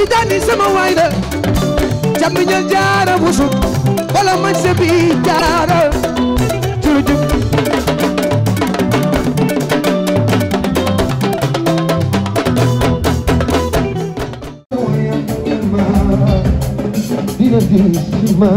tijaani sama waay la jamiñal jaara busu wala man sebi jaara jurujub dina dina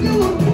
Thank you.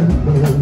Thank you.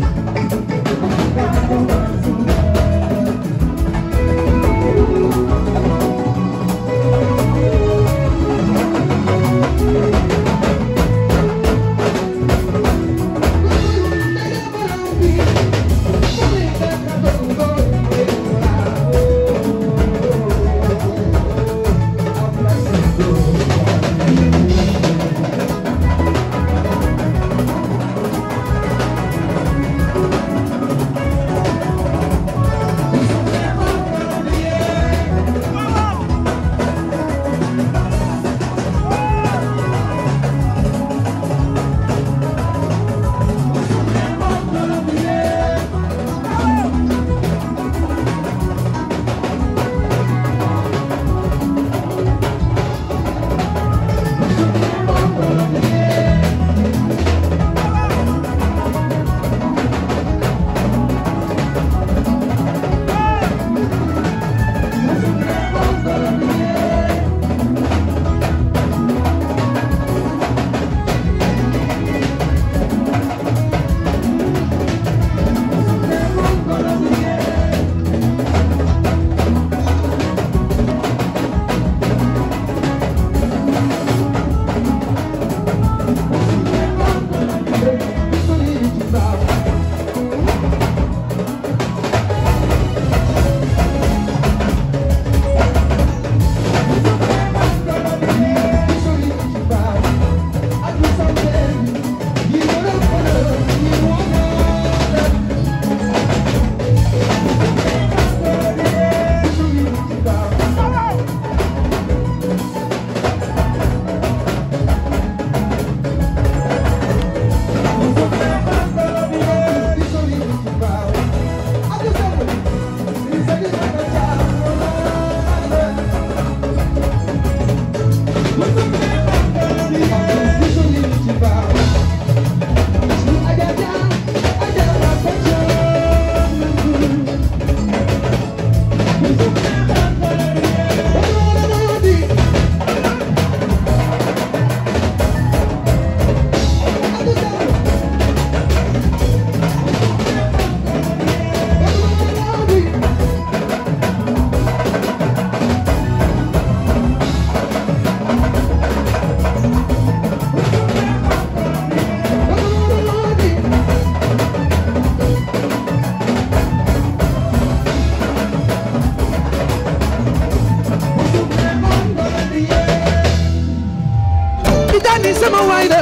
sama waay la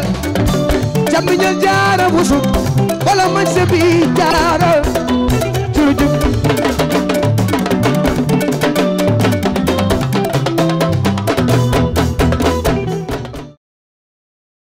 jàmm ñal jaara busub wala mañ se bi jaara